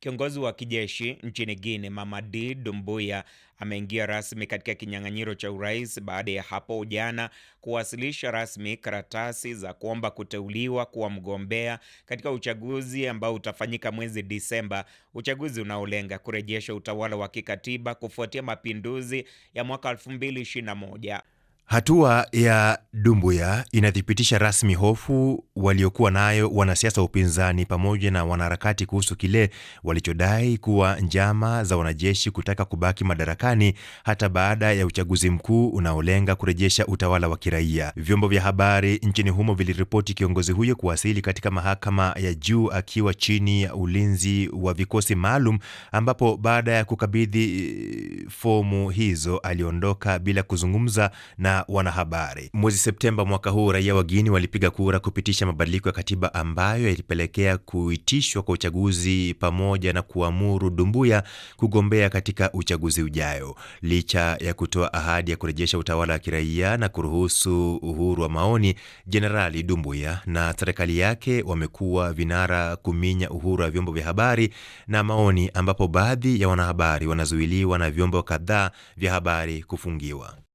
Kiongozi wa kijeshi nchini Guinea Mamadi dumbuya ameingia rasmi katika kinyang'anyiro cha urais baada ya hapo jana kuwasilisha rasmi karatasi za kuomba kuteuliwa kuwa mgombea katika uchaguzi ambao utafanyika mwezi Disemba, uchaguzi unaolenga kurejesha utawala wa kikatiba kufuatia mapinduzi ya mwaka 2021. Hatua ya Dumbuya inathibitisha rasmi hofu waliokuwa nayo wanasiasa wa upinzani pamoja na wanaharakati kuhusu kile walichodai kuwa njama za wanajeshi kutaka kubaki madarakani hata baada ya uchaguzi mkuu unaolenga kurejesha utawala wa kiraia. Vyombo vya habari nchini humo viliripoti kiongozi huyo kuwasili katika mahakama ya juu akiwa chini ya ulinzi wa vikosi maalum, ambapo baada ya kukabidhi fomu hizo aliondoka bila kuzungumza na wanahabari. Mwezi Septemba mwaka huu, raia wa walipiga kura kupitisha mabadiliko ya katiba ambayo yalipelekea kuitishwa kwa uchaguzi pamoja na kuamuru Dumbuya kugombea katika uchaguzi ujayo. Licha ya kutoa ahadi ya kurejesha utawala wa kiraia na kuruhusu uhuru wa maoni, Jenerali Dumbuya na serikali yake wamekuwa vinara kuminya uhuru wa vyombo vya habari na maoni, ambapo baadhi ya wanahabari wanazuiliwa na vyombo vyombo kadhaa vya habari kufungiwa.